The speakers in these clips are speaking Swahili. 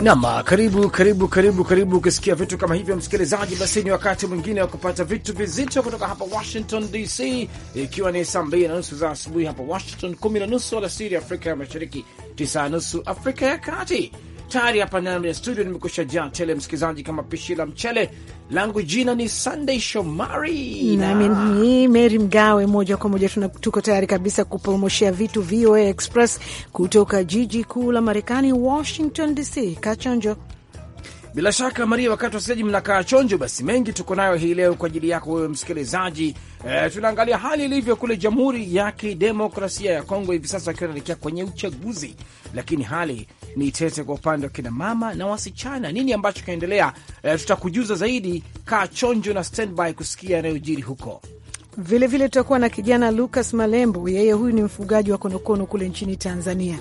Nam, karibu karibu karibu karibu. Ukisikia vitu kama hivyo, msikilizaji, basi ni wakati mwingine wa kupata vitu vizito kutoka hapa Washington DC, ikiwa ni saa mbili na nusu za asubuhi hapa Washington, kumi na nusu alasiri Afrika ya Mashariki, tisa na nusu Afrika ya Kati tayari hapa ndani ya studio nimekusha jaa tele, msikilizaji, kama pishi la mchele langu. Jina ni Sunday Shomari nami ni Meri Mgawe. Moja kwa moja tuko tayari kabisa kupromoshea vitu VOA Express kutoka jiji kuu la Marekani, Washington DC. Kachonjo. Bila shaka Maria, wakati wasikiaji mnakaa chonjo, basi mengi tuko nayo hii leo kwa ajili yako wewe msikilizaji. E, tunaangalia hali ilivyo kule Jamhuri ya Kidemokrasia ya Kongo hivi sasa, wakiwa naelekea kwenye uchaguzi, lakini hali ni tete kwa upande wa kina mama na wasichana. Nini ambacho kinaendelea? E, tutakujuza zaidi. Kaa chonjo na standby kusikia yanayojiri huko. Vilevile tutakuwa na kijana Lucas Malembo, yeye huyu ni mfugaji wa konokono kule nchini Tanzania.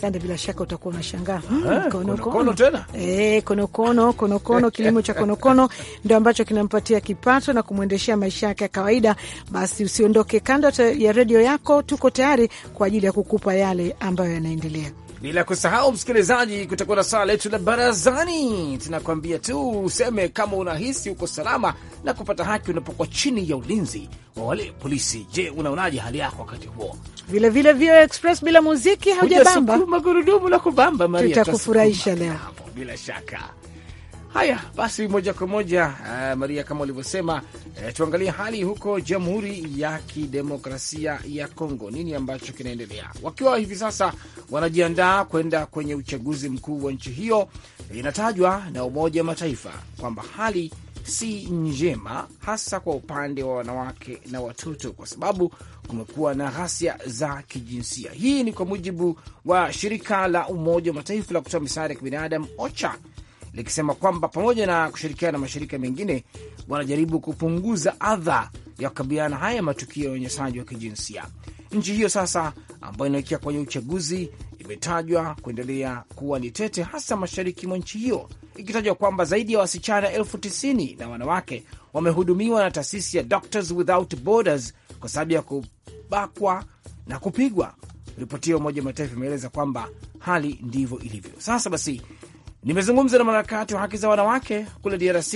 Sande, bila shaka utakuwa unashangaa hmm, eh, konokono tena eh, konokono konokono. Kilimo cha konokono ndio ambacho kinampatia kipato na kumwendeshea maisha yake ya kawaida. Basi usiondoke kando ya redio yako, tuko tayari kwa ajili ya kukupa yale ambayo yanaendelea. Bila kusahau msikilizaji, kutakuwa na swala letu la barazani. tunakuambia tu useme kama unahisi uko salama na kupata haki unapokuwa chini ya ulinzi wa wale polisi. Je, unaonaje hali yako wakati huo? Vilevile vio Express bila muziki haujabamba, magurudumu la kubamba, tutakufurahisha leo bila shaka. Haya basi, moja kwa moja uh, Maria, kama ulivyosema, uh, tuangalie hali huko Jamhuri ya Kidemokrasia ya Kongo, nini ambacho kinaendelea, wakiwa hivi sasa wanajiandaa kwenda kwenye uchaguzi mkuu wa nchi hiyo. Inatajwa na Umoja wa Mataifa kwamba hali si njema, hasa kwa upande wa wanawake na watoto, kwa sababu kumekuwa na ghasia za kijinsia. Hii ni kwa mujibu wa shirika la Umoja wa Mataifa la kutoa misaada ya kibinadamu OCHA likisema kwamba pamoja na kushirikiana na mashirika mengine wanajaribu kupunguza adha ya kukabiliana haya matukio ya unyanyasaji wa kijinsia. Nchi hiyo sasa ambayo inaelekea kwenye uchaguzi imetajwa kuendelea kuwa ni tete, hasa mashariki mwa nchi hiyo, ikitajwa kwamba zaidi ya wasichana elfu tisini na wanawake wamehudumiwa na taasisi ya Doctors Without Borders kwa sababu ya kubakwa na kupigwa. Ripoti ya Umoja Mataifa imeeleza kwamba hali ndivyo ilivyo sasa. Basi Nimezungumza na mwanaharakati wa haki za wanawake kule DRC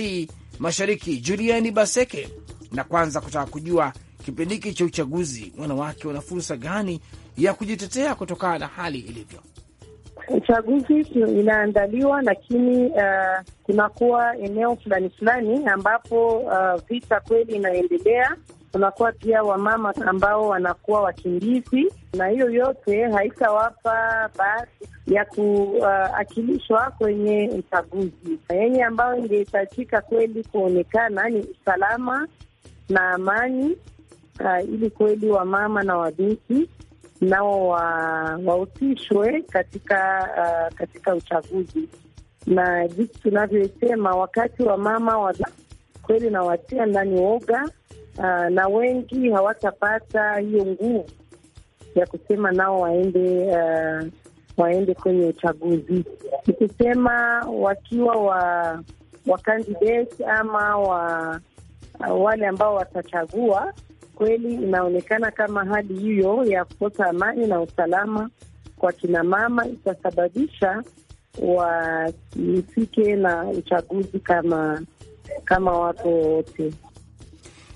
Mashariki, Juliani Baseke, na kwanza kutaka kujua kipindi hiki cha uchaguzi wanawake wana fursa gani ya kujitetea kutokana na hali ilivyo. Uchaguzi inaandaliwa lakini, uh, kunakuwa eneo fulani fulani ambapo uh, vita kweli inaendelea kunakuwa pia wamama ambao wanakuwa wakimbizi, na hiyo yote haitawapa bahati ya kuakilishwa uh, kwenye uchaguzi. Yenye ambayo ingehitajika kweli kuonekana ni usalama na amani, uh, ili kweli wamama na wabinti nao wahusishwe katika uh, katika uchaguzi na jinsi tunavyosema, wakati wa mama wa kweli nawatia ndani woga Ah, na wengi hawatapata hiyo nguvu ya kusema nao waende uh, waende kwenye uchaguzi. Ni kusema wakiwa wa candidate ama wa uh, wale ambao watachagua kweli, inaonekana kama hali hiyo ya kukosa amani na usalama kwa kina mama itasababisha wasihusike na uchaguzi kama kama watu wote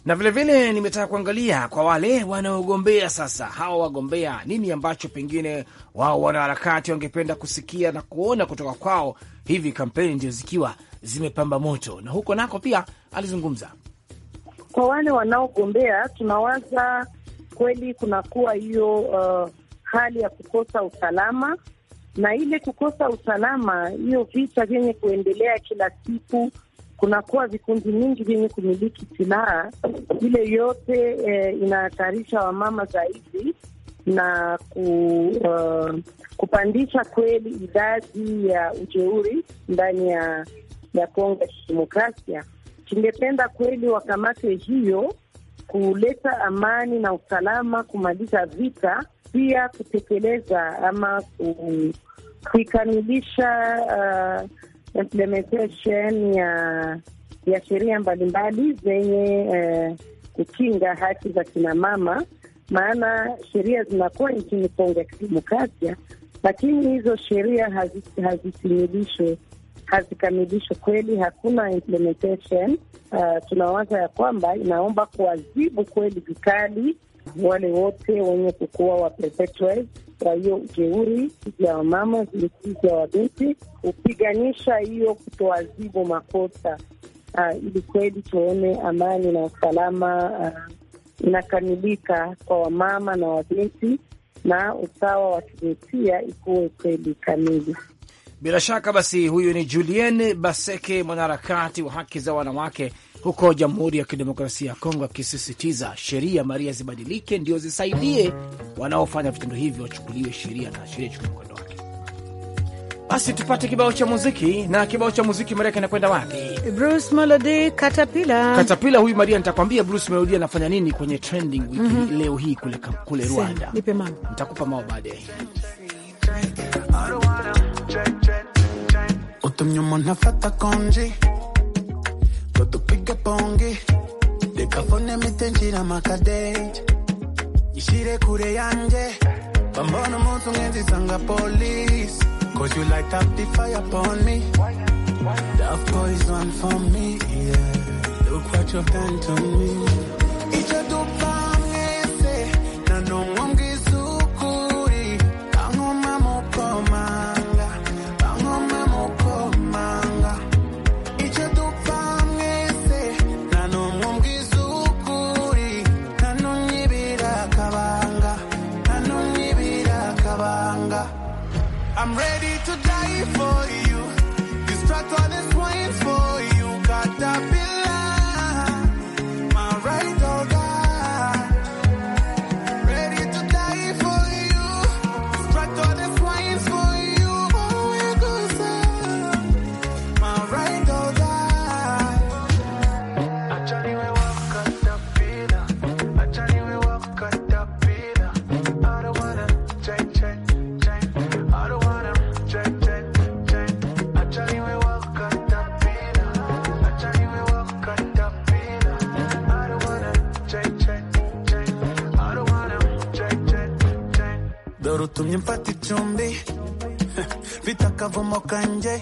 na vilevile nimetaka kuangalia kwa wale wanaogombea sasa, hawa wagombea, nini ambacho pengine wao wanaharakati wangependa kusikia na kuona kutoka kwao, hivi kampeni ndio zikiwa zimepamba moto, na huko nako pia alizungumza. Kwa wale wanaogombea, tunawaza kweli kunakuwa hiyo uh, hali ya kukosa usalama, na ile kukosa usalama, hiyo vita vyenye kuendelea kila siku kunakuwa vikundi mingi vyenye kumiliki silaha. Ile yote eh, inahatarisha wamama zaidi na ku, uh, kupandisha kweli idadi ya ujeuri ndani ya ya Kongo ya kidemokrasia. Tungependa kweli wakamate hiyo kuleta amani na usalama, kumaliza vita, pia kutekeleza ama kuikamilisha uh, implementation ya ya sheria mbalimbali zenye eh, kukinga haki za kinamama, maana sheria zinakuwa nchini Kongo ya Kidemokrasia, lakini hizo sheria hazikamilishwe hazikamilishwe kweli, hakuna implementation. Uh, tunawaza ya kwamba inaomba kuwazibu kweli vikali wale wote wenye kukuwa wa kwa hiyo jeuri ya wamama zilikuja wabinti hupiganisha hiyo kutoazibu makosa uh, ili kweli tuone amani na usalama uh, inakamilika kwa wamama na wabinti na usawa wa kijinsia ikuwe kweli kamili. Bila shaka basi, huyu ni Julien Baseke, mwanaharakati wa haki za wanawake huko Jamhuri ya Kidemokrasia ya Kongo, akisisitiza sheria Maria zibadilike ndio zisaidie wanaofanya vitendo hivyo wachukuliwe sheria na sheria ichukue mkondo wake. Basi tupate kibao cha muziki, na kibao cha muziki Maria kinakwenda wapi? Bruce Melody, Katapila. Katapila huyu Maria, nitakwambia Bruce Melody anafanya nini kwenye trending wiki mm -hmm. leo hii kule, kule Rwanda. Nipe mama, nitakupa mao baadaye utumye umuntu afata konji nipige ponge dekafone mite njira makadeje ishire kure yanje bambona umuntu nk'inzizanga polisi cause you light up the fire upon me love poison for me yeah. look what you've done to me nyempati icumbi bita akavumo kanje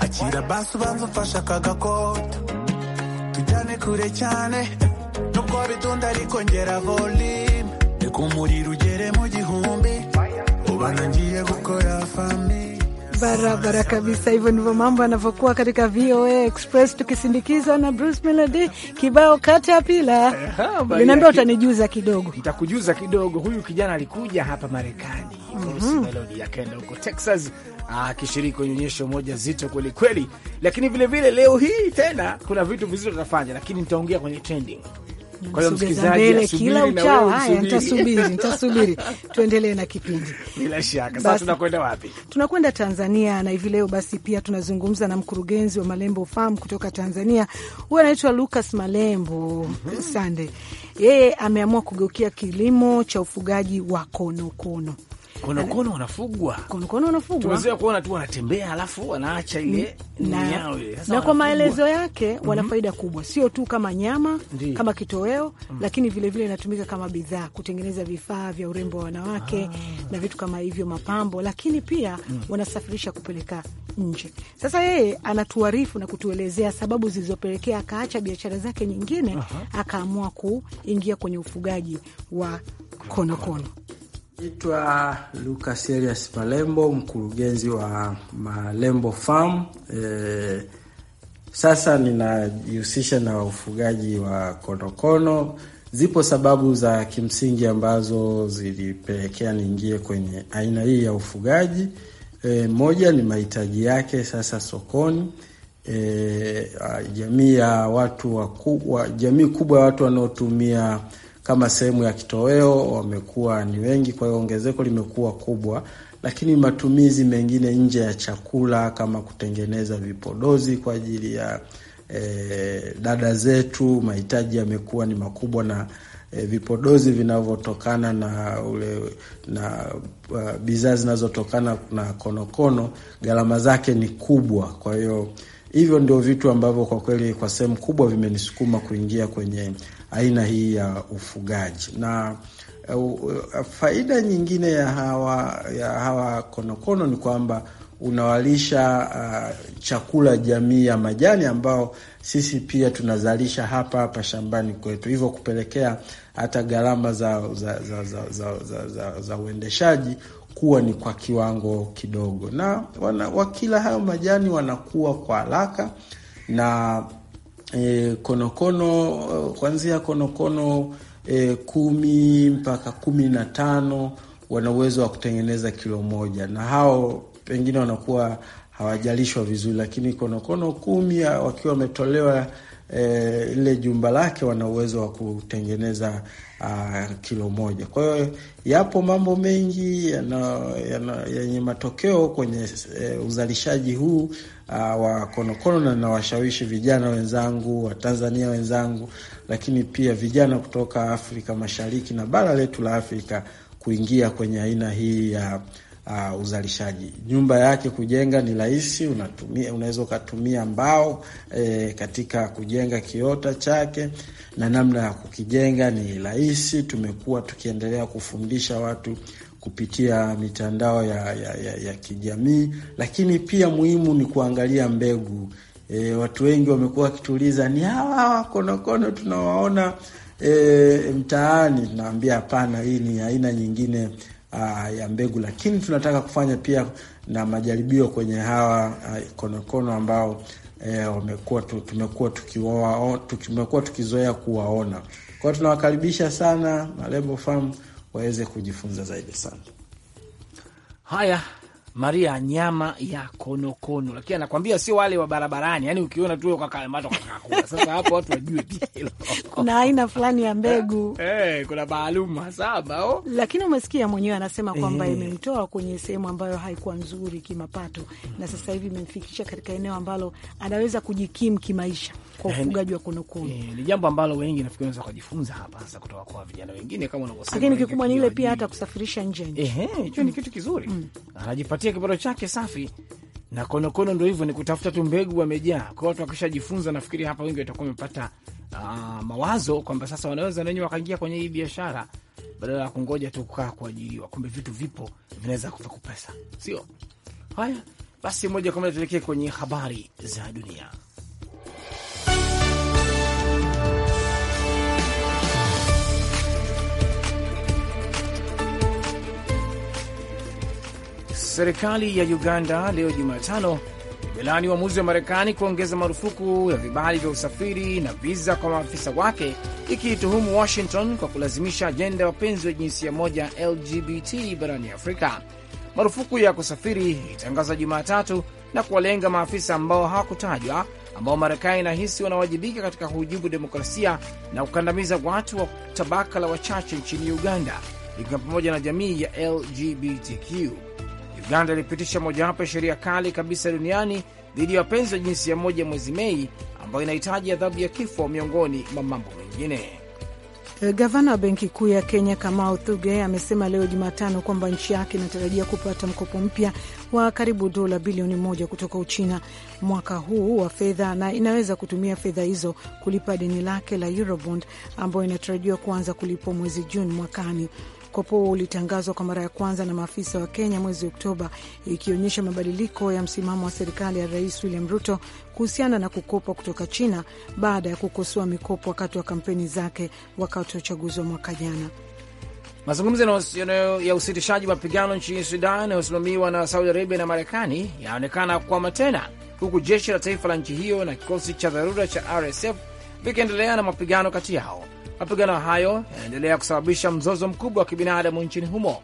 akira basi ubanza umfashe akagakota tujyane kure cyane nubwo bidunda ariko ngera volime reka umuriro ugere mu gihumbi gukora fami barabara kabisa. Hivyo ndivyo mambo yanavyokuwa katika VOA Express, tukisindikizwa na Bruce Melody kibao katapila. Eh, Ninaambia utanijuza kidogo, nitakujuza kidogo. Huyu kijana alikuja hapa Marekani, mhm. Bruce Melody akaenda huko Texas akishiriki kwenye onyesho moja zito kwelikweli, lakini vilevile leo hii tena kuna vitu vizito tutafanya, lakini nitaongea kwenye trending kwa hiyo kila uchao. Haya, nitasubiri nitasubiri, tuendelee na kipindi bila shaka. Sasa tunakwenda wapi? Tunakwenda Tanzania, na hivi leo basi pia tunazungumza na mkurugenzi wa Malembo Farm kutoka Tanzania, huyu anaitwa Lucas Malembo mhm. Sande. Yeye ameamua kugeukia kilimo cha ufugaji wa konokono -kono konokono wanafugwa, konokono wanafugwa, tumezoea kuona tu wanatembea alafu wanaacha ile na, na, na kwa maelezo yake wana mhm. faida mm -hmm. kubwa, sio tu kama nyama Ndi. kama kitoweo mm -hmm. lakini vilevile inatumika kama bidhaa kutengeneza vifaa vya urembo wa wanawake ah. na vitu kama hivyo mapambo, lakini pia mm -hmm. wanasafirisha kupeleka nje. Sasa yeye anatuarifu na kutuelezea sababu zilizopelekea akaacha biashara zake nyingine akaamua kuingia kwenye ufugaji wa konokono kono. Naitwa Lucas Elias Malembo, mkurugenzi wa Malembo Farm. E, sasa ninajihusisha na ufugaji wa konokono. Zipo sababu za kimsingi ambazo zilipelekea niingie kwenye aina hii ya ufugaji. E, moja ni mahitaji yake sasa sokoni. E, jamii ya watu wakubwa, jamii kubwa ya watu wanaotumia kama sehemu ya kitoweo, wamekuwa ni wengi, kwa hiyo ongezeko limekuwa kubwa lakini matumizi mengine nje ya chakula kama kutengeneza vipodozi kwa ajili ya e, dada zetu, mahitaji yamekuwa ni makubwa na e, vipodozi vinavyotokana na ule na uh, bidhaa zinazotokana na konokono gharama zake ni kubwa. Kwa hiyo hivyo ndio vitu ambavyo kwa kweli kwa sehemu kubwa vimenisukuma kuingia kwenye aina hii ya ufugaji na uh, uh, faida nyingine ya hawa ya hawa konokono ni kwamba unawalisha uh, chakula jamii ya majani ambao sisi pia tunazalisha hapa hapa shambani kwetu, hivyo kupelekea hata gharama za, za, za, za, za, za, za, za uendeshaji kuwa ni kwa kiwango kidogo, na wana, wakila hayo majani wanakuwa kwa haraka na e, konokono eh, kuanzia konokono e, kumi mpaka kumi na tano wana uwezo wa kutengeneza kilo moja, na hao pengine wanakuwa hawajalishwa vizuri, lakini konokono kumi ah, wakiwa wametolewa E, ile jumba lake wana uwezo wa kutengeneza a, ah, kilo moja. Kwa hiyo yapo mambo mengi yenye matokeo kwenye e, uzalishaji huu uh, wa konokono na nawashawishi vijana wenzangu Watanzania wenzangu, lakini pia vijana kutoka Afrika Mashariki na bara letu la Afrika kuingia kwenye aina hii ya uh, uzalishaji. Nyumba yake kujenga ni rahisi, unatumia unaweza ukatumia mbao e, katika kujenga kiota chake, na namna ya kukijenga ni rahisi. Tumekuwa tukiendelea kufundisha watu kupitia mitandao ya, ya, ya, ya kijamii, lakini pia muhimu ni kuangalia mbegu. E, watu wengi wamekuwa wakituuliza ni hawa hawa konokono tunawaona e, mtaani. Tunaambia hapana, hii ni aina nyingine a, ya mbegu, lakini tunataka kufanya pia na majaribio kwenye hawa a, konokono ambao e, tumekuwa tukiwaona tumekuwa tukizoea kuwaona. Kwa hiyo tunawakaribisha sana Malebo Farm waweze kujifunza zaidi sana. Haya, Maria nyama ya konokono, lakini anakwambia sio wale wa barabarani, yani ukiona tu kakamata kakakula. Sasa hapo watu wajue kuna aina fulani ya mbegu eh, hey, kuna maalum saba oh. Lakini umesikia mwenyewe anasema kwamba hey, eh. imemtoa kwenye sehemu ambayo haikuwa nzuri kimapato na sasa hivi imemfikisha katika eneo ambalo anaweza kujikimu kimaisha kwa eh, ufugaji wa konokono. Hey, eh, ni jambo ambalo wengi nafikiri wanaweza kujifunza hapa sasa kutoka kwa vijana wengine kama unavyosema, lakini kikubwa ni ile pia hata kusafirisha nje nje, hicho ni mm. kitu kizuri mm. anajipa kujipatia kibaro chake safi na konokono ndo hivyo, ni kutafuta tu mbegu, wamejaa kwao. watu. Wakishajifunza nafikiri hapa wengi watakuwa wamepata uh, mawazo kwamba sasa wanaweza wenyewe wakaingia kwenye hii biashara badala ya kungoja tu kukaa kuajiriwa. Kumbe vitu vipo vinaweza kupa sio haya? Basi moja kwa moja tuelekee kwenye habari za dunia. Serikali ya Uganda leo Jumatano imelaani uamuzi wa Marekani kuongeza marufuku ya vibali vya usafiri na viza kwa maafisa wake, ikiituhumu Washington kwa kulazimisha ajenda ya wapenzi wa jinsia moja LGBT barani Afrika. Marufuku ya kusafiri ilitangazwa Jumatatu na kuwalenga maafisa ambao hawakutajwa, ambao Marekani inahisi wanawajibika katika kuhujumu demokrasia na kukandamiza watu wa tabaka la wachache nchini Uganda, ikiwa pamoja na jamii ya LGBTQ. Uganda ilipitisha mojawapo ya sheria kali kabisa duniani dhidi ya wapenzi wa jinsia moja mwezi Mei, ambayo inahitaji adhabu ya kifo miongoni mwa mambo mengine. E, gavana wa Benki Kuu ya Kenya Kamau Thuge amesema leo Jumatano kwamba nchi yake inatarajia kupata mkopo mpya wa karibu dola bilioni moja kutoka Uchina mwaka huu wa fedha, na inaweza kutumia fedha hizo kulipa deni lake la Eurobond ambayo inatarajiwa kuanza kulipwa mwezi Juni mwakani huo ulitangazwa kwa mara ya kwanza na maafisa wa Kenya mwezi Oktoba, ikionyesha mabadiliko ya msimamo wa serikali ya Rais William Ruto kuhusiana na kukopwa kutoka China baada ya kukosoa mikopo wakati wa kampeni zake wakati wa uchaguzi wa mwaka jana. Mazungumzo ya usitishaji mapigano nchini Sudan yanayosimamiwa na Saudi Arabia na Marekani yanaonekana kukwama tena, huku jeshi la taifa la nchi hiyo na kikosi cha dharura cha RSF vikiendelea na mapigano kati yao. Mapigano hayo yanaendelea kusababisha mzozo mkubwa wa kibinadamu nchini humo.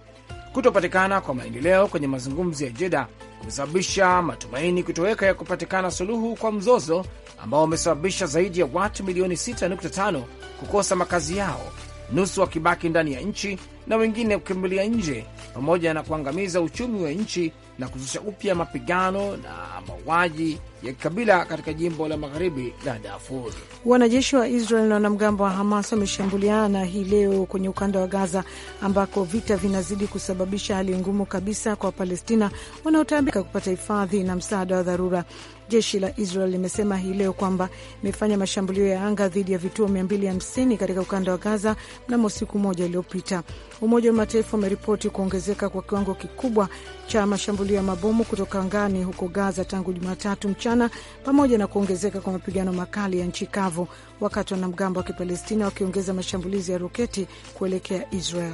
Kutopatikana kwa maendeleo kwenye mazungumzo ya Jeda kumesababisha matumaini kutoweka ya kupatikana suluhu kwa mzozo ambao umesababisha zaidi ya watu milioni 6.5 kukosa makazi yao, nusu wakibaki ndani ya nchi na wengine kukimbilia nje, pamoja na kuangamiza uchumi wa nchi na kuzusha upya mapigano na mauaji ya kikabila katika jimbo la magharibi la Darfur. Wanajeshi wa Israel na wanamgambo wa Hamas wameshambuliana hii leo kwenye ukanda wa Gaza, ambako vita vinazidi kusababisha hali ngumu kabisa kwa Wapalestina wanaotaabika kupata hifadhi na msaada wa dharura. Jeshi la Israel limesema hii leo kwamba imefanya mashambulio ya anga dhidi ya vituo 250 katika ukanda wa Gaza mnamo siku moja iliyopita. Umoja wa Mataifa umeripoti kuongezeka kwa kiwango kikubwa cha mashambulio ya mabomu kutoka angani huko Gaza tangu Jumatatu mchana mchana pamoja na kuongezeka kwa mapigano makali ya nchi kavu, wakati wanamgambo wa Kipalestina wakiongeza mashambulizi ya roketi kuelekea Israel.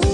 You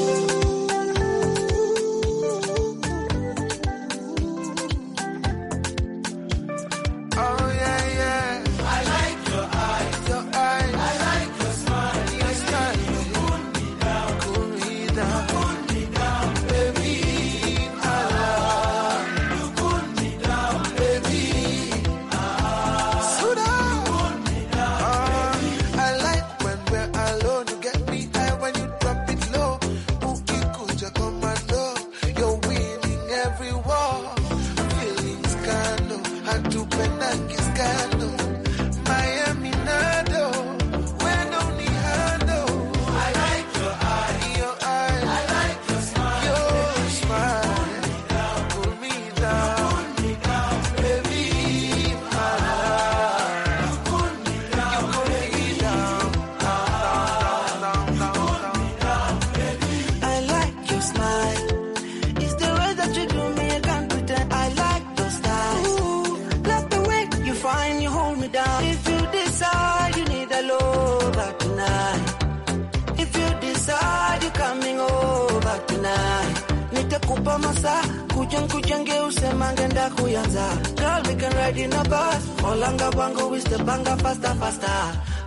nkujenge usemange ndakuyanza girl we can ride in a bus olanga bwangu with the banga faster faster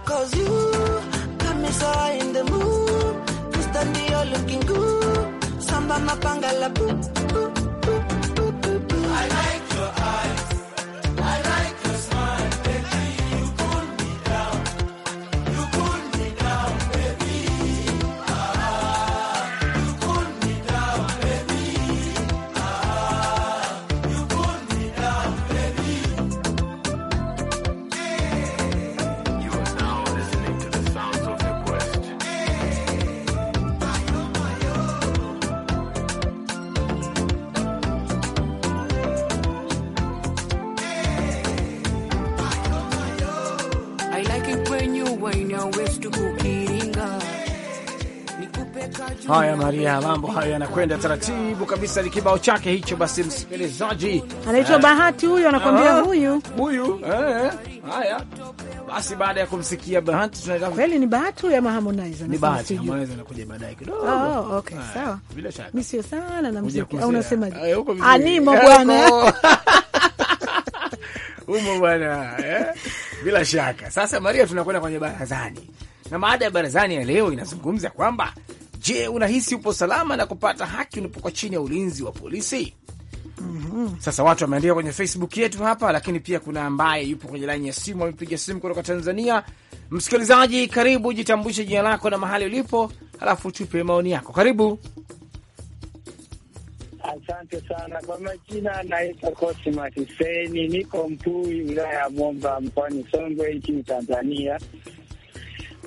cause you got me so in the mood Krista ndio looking good samba mapanga la boop boop boop boop boop I like your eyes Haya, Maria, mambo hayo yanakwenda taratibu kabisa, ni kibao chake hicho. Basi msikilizaji, anaitwa eh, Bahati huyu anakwambia huyu huyu. Eh, Haya basi, baada ya kumsikia Bahati, tunaenda kweli, ni Bahati ya Harmonize, ni Bahati Harmonize anakuja baadaye kidogo. Oh, okay, sawa, bila shaka mimi sio sana na mziki au unasema eh, Animo ah, bwana umo bwana, eh? Bila shaka sasa, Maria, tunakwenda kwenye barazani, na maada ya barazani ya leo inazungumza kwamba Je, unahisi upo salama na kupata haki unapokuwa chini ya ulinzi wa polisi? mm -hmm. Sasa watu wameandika kwenye Facebook yetu hapa, lakini pia kuna ambaye yupo kwenye laini ya simu, amepiga simu kutoka Tanzania. Msikilizaji, karibu, jitambulishe jina lako na mahali ulipo, halafu tupe maoni yako. Karibu. Asante sana kwa majina, naitwa Cosmas Hussein, niko Mpui, wilaya ya Momba, mkoani Songwe, nchini Tanzania.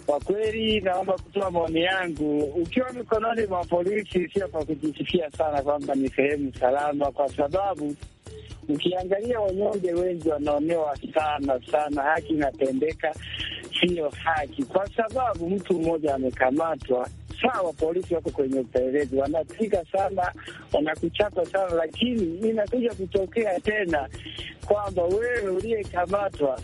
Kwa kweli naomba kutoa maoni yangu, ukiwa mikononi mwa polisi sio kwa kujisifia sana kwamba ni sehemu salama, kwa sababu ukiangalia wanyonge wengi wanaonewa sana sana, haki inatendeka siyo haki, kwa sababu mtu mmoja amekamatwa Sawa, polisi wako kwenye upelelezi, wanapika sana, wanakuchapa sana, lakini inakuja kutokea tena kwamba wewe uliyekamatwa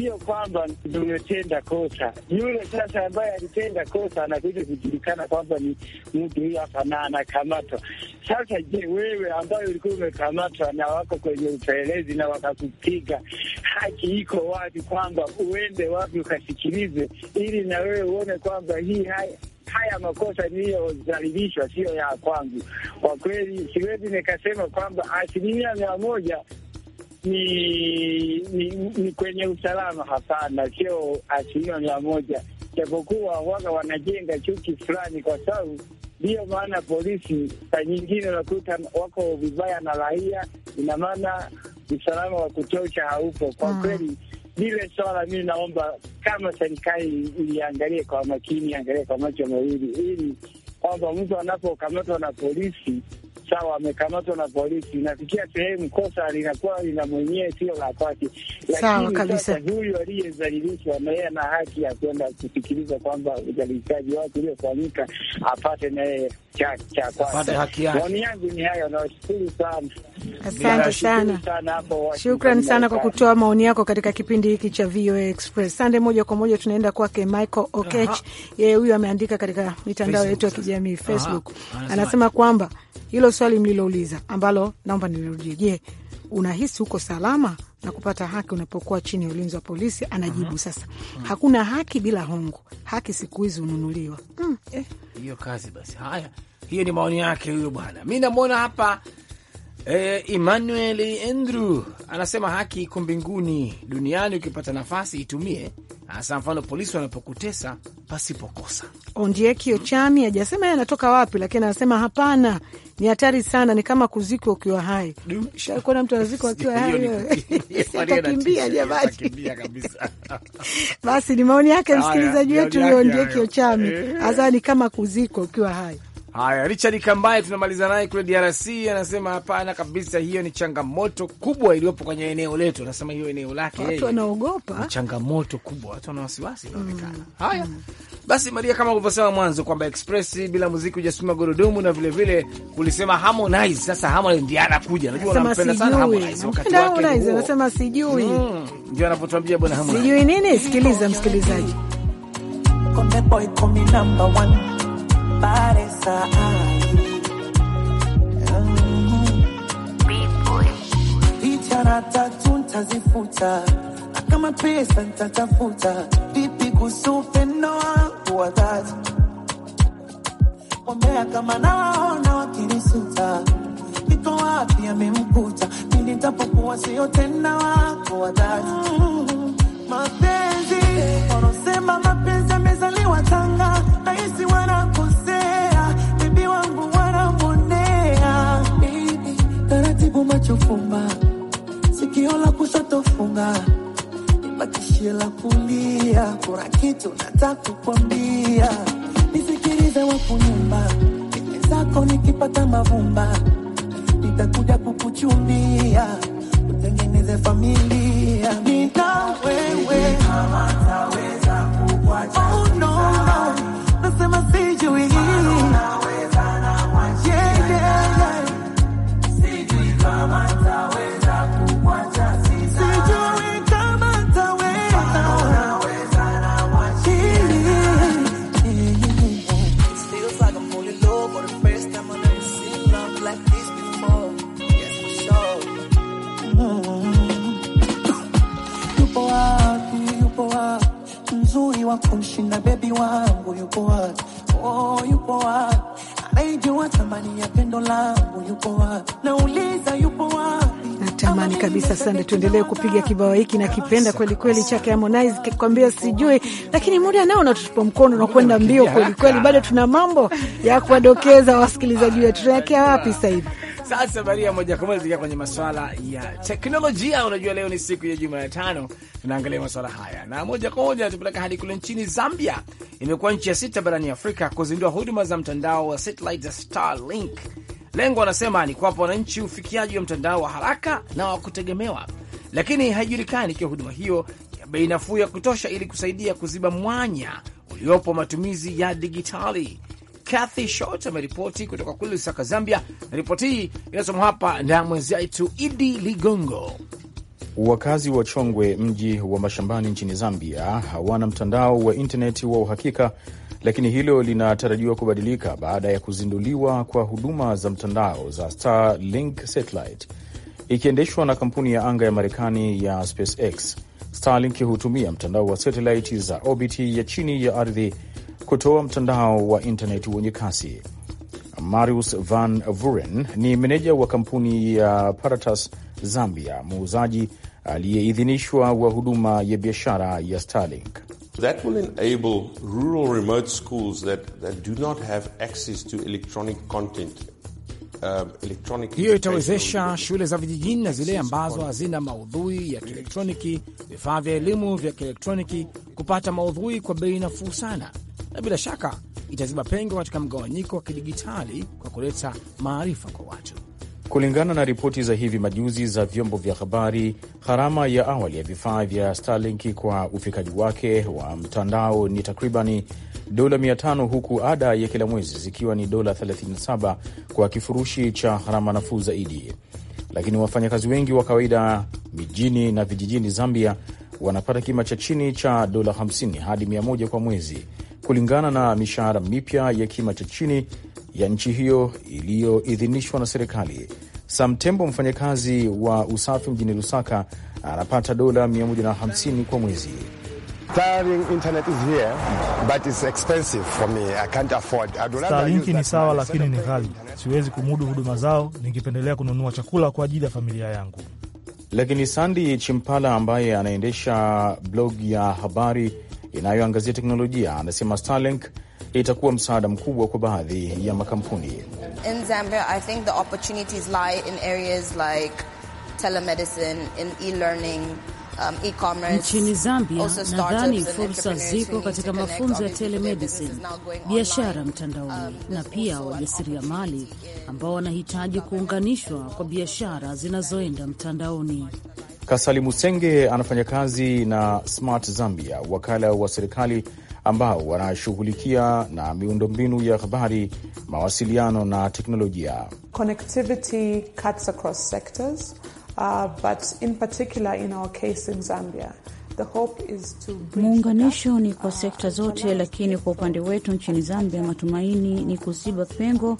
sio kwamba umetenda kosa. Yule sasa ambaye alitenda kosa anakuja kujulikana kwamba ni mtu huyo hapa na anakamatwa. Sasa je, wewe ambaye ulikuwa umekamatwa na wako kwenye upelelezi na wakakupiga, haki iko wapi kwamba uende wapi ukasikilize ili na wewe uone kwamba hii haya haya makosa niliyozalilishwa siyo ya kwangu. Kwa kweli siwezi nikasema kwamba asilimia mia moja ni ni kwenye usalama. Hapana, sio asilimia mia moja, japokuwa waga wanajenga chuki fulani, kwa sababu ndiyo maana polisi saa nyingine unakuta wako vibaya na raia, ina maana usalama wa kutosha haupo kwa mm. kweli. Lile swala mi naomba kama serikali iliangalie kwa makini, angalie kwa macho mawili, ili kwamba mtu anapokamatwa na polisi sawa, amekamatwa na polisi, nafikia sehemu kosa linakuwa lina mwenyewe, sio la kwake. Lakini sasa huyu aliyezalilishwa na ana haki ya kwenda kusikiliza kwamba uzalilishaji wake uliofanyika apate na yeye Asante sana, shukran sana kwa kutoa maoni yako katika kipindi hiki cha VOA Express. Sande, moja kwa moja tunaenda kwake Michael Okech. Yeye huyu ameandika katika mitandao yetu ya kijamii Facebook, anasema kwamba hilo swali mlilouliza ambalo naomba nilirudie. Je, unahisi huko salama na kupata haki unapokuwa chini ya ulinzi wa polisi? Anajibu uh -huh. Sasa uh mm. -huh. hakuna haki bila hongo, haki siku hizi ununuliwa. mm, eh. Hiyo kazi basi. Haya, hiyo ni maoni yake huyo bwana. Mi namwona hapa E, Emmanuel Andrew anasema haki iko mbinguni, duniani ukipata nafasi itumie, hasa mfano polisi wanapokutesa pasipokosa. Ondieki Ochami hajasema yeye anatoka wapi, lakini anasema hapana, ni hatari sana, ni kama kuzikwa ukiwa hai. Shakuona mtu anazikwa akiwa hai, atakimbia jamani. Basi ni maoni yake msikilizaji wetu Ondieki Ochami, eh. hasa ni kama kuzikwa ukiwa hai. Haya, Richard Kambaye tunamaliza naye kule DRC, anasema hapana kabisa, hiyo ni changamoto kubwa iliyopo kwenye eneo letu. Anasema hiyo eneo lake watu wanaogopa, changamoto kubwa, watu wana wasiwasi mm. inaonekana. mm. Haya, mm. Basi Maria, kama ulivyosema mwanzo kwamba Express bila muziki hujasukuma gurudumu, na vilevile ulisema Harmonize. Sasa Harmonize ndiye anakuja, najua unampenda sana Harmonize, wakati wake anasema sijui, mm, ndio anapotuambia bwana Harmonize sijui nini. Sikiliza msikilizaji. come come boy number picha tatu ntazifuta, akama pesa ntatafuta vipi kusupenoa kuwadhati wambea kama nawaona wakinisuta niko wapi amemkuta mini ntapokuwa sio tena wako wadhati mapenzi langu macho fumba, sikio la kushoto funga, nibakishie la kulia. Kuna kitu nataka kukwambia, nisikilize wakunyumba, nyumba zako nikipata mavumba, nitakuja kukuchumbia, utengeneze familia, nita wewe kama taweza kukuacha, oh no no, nasema sijui hii Mpenzi wangu yupo wapi? Oh, yupo wapi? Anaijua thamani ya pendo langu yupo wapi? Nauliza yupo wapi? Natamani kabisa sana tuendelee kupiga kibao hiki na kipenda kweli kweli chake Harmonize, kikwambia sijui, lakini muda nao unatupa mkono na kwenda mbio kweli kweli. Bado tuna mambo ya kuwadokeza wasikilizaji wetu, tunaelekea wapi sasa hivi? Sasa baria moja kwa moja tukia kwenye masuala ya teknolojia. Unajua, leo ni siku ya Jumatano, tunaangalia masuala haya na moja kwa moja natupeleka hadi kule nchini Zambia. Imekuwa nchi ya sita barani Afrika kuzindua huduma za mtandao wa satellite za Starlink. Lengo wanasema ni kuwapa wananchi ufikiaji wa mtandao wa haraka na wa kutegemewa, lakini haijulikani ikiwa huduma hiyo ya bei nafuu ya kutosha ili kusaidia kuziba mwanya uliopo matumizi ya digitali. Kathy Short ameripoti kutoka kule Lusaka, Zambia. Ripoti hii inasomwa hapa na mwenzetu Idi Ligongo. Wakazi wa Chongwe, mji wa mashambani nchini Zambia, hawana mtandao wa intaneti wa uhakika, lakini hilo linatarajiwa kubadilika baada ya kuzinduliwa kwa huduma za mtandao za Starlink satellite ikiendeshwa na kampuni ya anga ya Marekani ya SpaceX. Starlink hutumia mtandao wa satellite za orbiti ya chini ya ardhi kutoa mtandao wa intaneti wenye kasi. Marius Van Vuren ni meneja wa kampuni ya Paratus Zambia, muuzaji aliyeidhinishwa wa huduma ya biashara ya Starlink. That will enable rural remote schools that, that do not have access to electronic content. Um, hiyo itawezesha shule za vijijini na zile ambazo hazina maudhui ya kielektroniki, vifaa vya elimu vya kielektroniki kupata maudhui kwa bei nafuu sana na bila shaka itaziba pengo katika mgawanyiko wa kidigitali kwa kuleta maarifa kwa watu. Kulingana na ripoti za hivi majuzi za vyombo vya habari, gharama ya awali ya vifaa vya Starlink kwa ufikaji wake wa mtandao ni takribani dola 500 huku ada ya kila mwezi zikiwa ni dola 37 kwa kifurushi cha gharama nafuu zaidi. Lakini wafanyakazi wengi wa kawaida mijini na vijijini Zambia wanapata kima cha chini cha dola 50 hadi 100 kwa mwezi kulingana na mishahara mipya ya kima cha chini ya nchi hiyo iliyoidhinishwa na serikali. Samtembo, mfanyakazi wa usafi mjini Lusaka, anapata dola 150 kwa mwezi. Starlink ni sawa, lakini ni ghali. Siwezi kumudu huduma zao, ningependelea kununua chakula kwa ajili ya familia yangu. Lakini Sandi Chimpala ambaye anaendesha blog ya habari inayoangazia teknolojia. Anasema Starlink itakuwa msaada mkubwa kwa baadhi ya makampuni. In Zambia, I think the opportunities lie in areas like telemedicine, in e-learning, um, e-commerce. Nchini Zambia nadhani fursa ziko katika mafunzo ya telemedicine, biashara um, mtandaoni, um, na pia wajasiriamali ambao wanahitaji kuunganishwa kwa biashara zinazoenda mtandaoni. Kasali Musenge anafanya kazi na Smart Zambia, wakala wa serikali ambao wanashughulikia na miundombinu ya habari, mawasiliano na teknolojia. Connectivity cuts across sectors, uh, but in particular in our case in Zambia. Muunganisho ni kwa uh, sekta zote, lakini kwa upande wetu nchini Zambia, matumaini ni kuziba pengo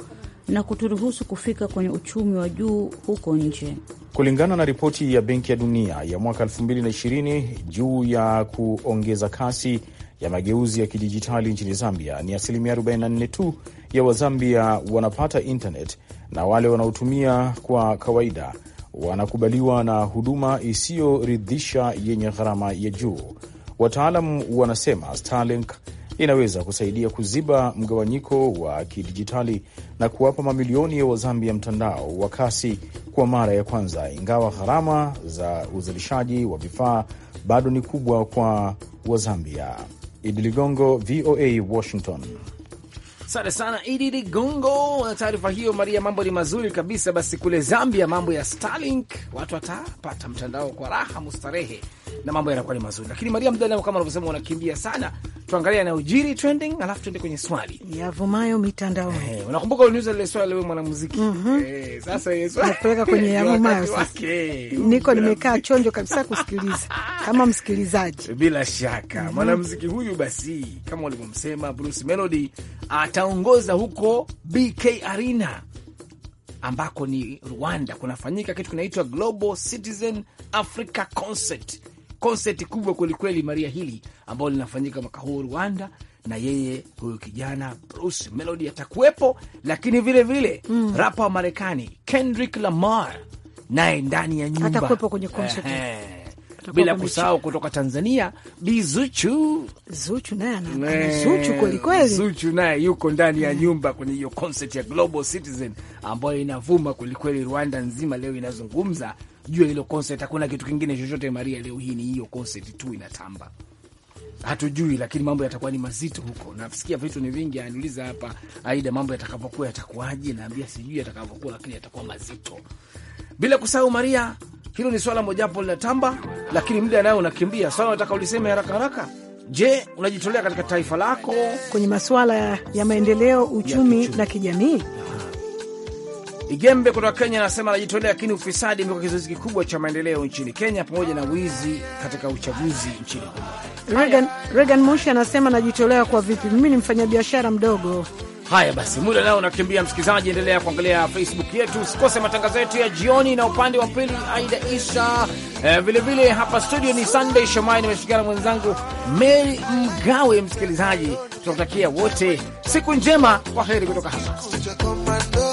na kuturuhusu kufika kwenye uchumi wa juu huko nje kulingana na ripoti ya Benki ya Dunia ya mwaka 2020 juu ya kuongeza kasi ya mageuzi ya kidijitali nchini Zambia, ni asilimia 44 tu ya Wazambia wanapata intanet na wale wanaotumia kwa kawaida wanakubaliwa na huduma isiyoridhisha yenye gharama ya juu. wataalam wanasema Starlink inaweza kusaidia kuziba mgawanyiko wa kidijitali na kuwapa mamilioni ya Wazambia mtandao wa kasi kwa mara ya kwanza, ingawa gharama za uzalishaji wa vifaa bado ni kubwa kwa Wazambia. Idi Ligongo, VOA Washington. Sante sana Idi Ligongo na taarifa hiyo. Maria, mambo ni mazuri kabisa. Basi kule Zambia mambo ya Starlink, watu watapata mtandao kwa raha mustarehe, na mambo yanakuwa ni mazuri. Lakini Maria, mdalao kama unavyosema, wanakimbia sana, tuangalia yanayojiri trending, alafu tuende kwenye swali yavumayo mitandao. Eh, unakumbuka uniuza lile swali wewe mwanamuziki? mm -hmm. Eh, sasa ile swali napeleka kwenye yavumayo sasa. Niko nimekaa chonjo kabisa kusikiliza kama msikilizaji. Bila shaka mm -hmm. mwanamuziki huyu basi, kama ulivyomsema Bruce Melody ataongoza huko BK Arena ambako ni Rwanda kunafanyika kitu kinaitwa Global Citizen Africa Concert konseti kubwa kwelikweli Maria hili ambayo linafanyika mwaka huu Rwanda, na yeye huyu kijana Bruce Melody atakuwepo, lakini vilevile mm, rapa wa Marekani Kendrick Lamar naye ndani ya nyumba atakuwepo kwenye konseti bila kusahau kutoka Tanzania Bi Zuchu. Zuchu naye yuko ndani ya mm. nyumba kwenye hiyo concert ya Global Citizen ambayo inavuma kwelikweli, Rwanda nzima leo inazungumza juu hilo concert. Hakuna kitu kingine chochote Maria, leo hii ni hiyo concert tu inatamba hatujui lakini mambo yatakuwa ni mazito huko. Nasikia vitu ni vingi, aniuliza hapa Aida, mambo yatakavyokuwa yatakuwaje? Naambia sijui yatakavyokuwa, lakini yatakuwa mazito, bila kusahau Maria, hilo ni swala mojawapo linatamba, lakini muda nayo unakimbia. Swala nataka uliseme haraka haraka. Je, unajitolea katika taifa lako kwenye masuala ya maendeleo, uchumi, uchumi na kijamii? Igembe kutoka Kenya anasema anajitolea, lakini ufisadi imekuwa kizuizi kikubwa cha maendeleo nchini Kenya, pamoja na wizi katika uchaguzi nchini humo. Regan, Regan Moshi anasema anajitolea kwa vipi? Mimi ni mfanyabiashara mdogo. Haya basi, muda nao unakimbia. Msikilizaji, endelea kuangalia Facebook yetu, usikose matangazo yetu ya jioni, na upande wa pili Aida Isa vilevile. Eh, vile hapa studio ni Sunday Shomai, nimeshikana mwenzangu Mary Mgawe. Msikilizaji, tunakutakia wote siku njema. Kwa heri kutoka hapa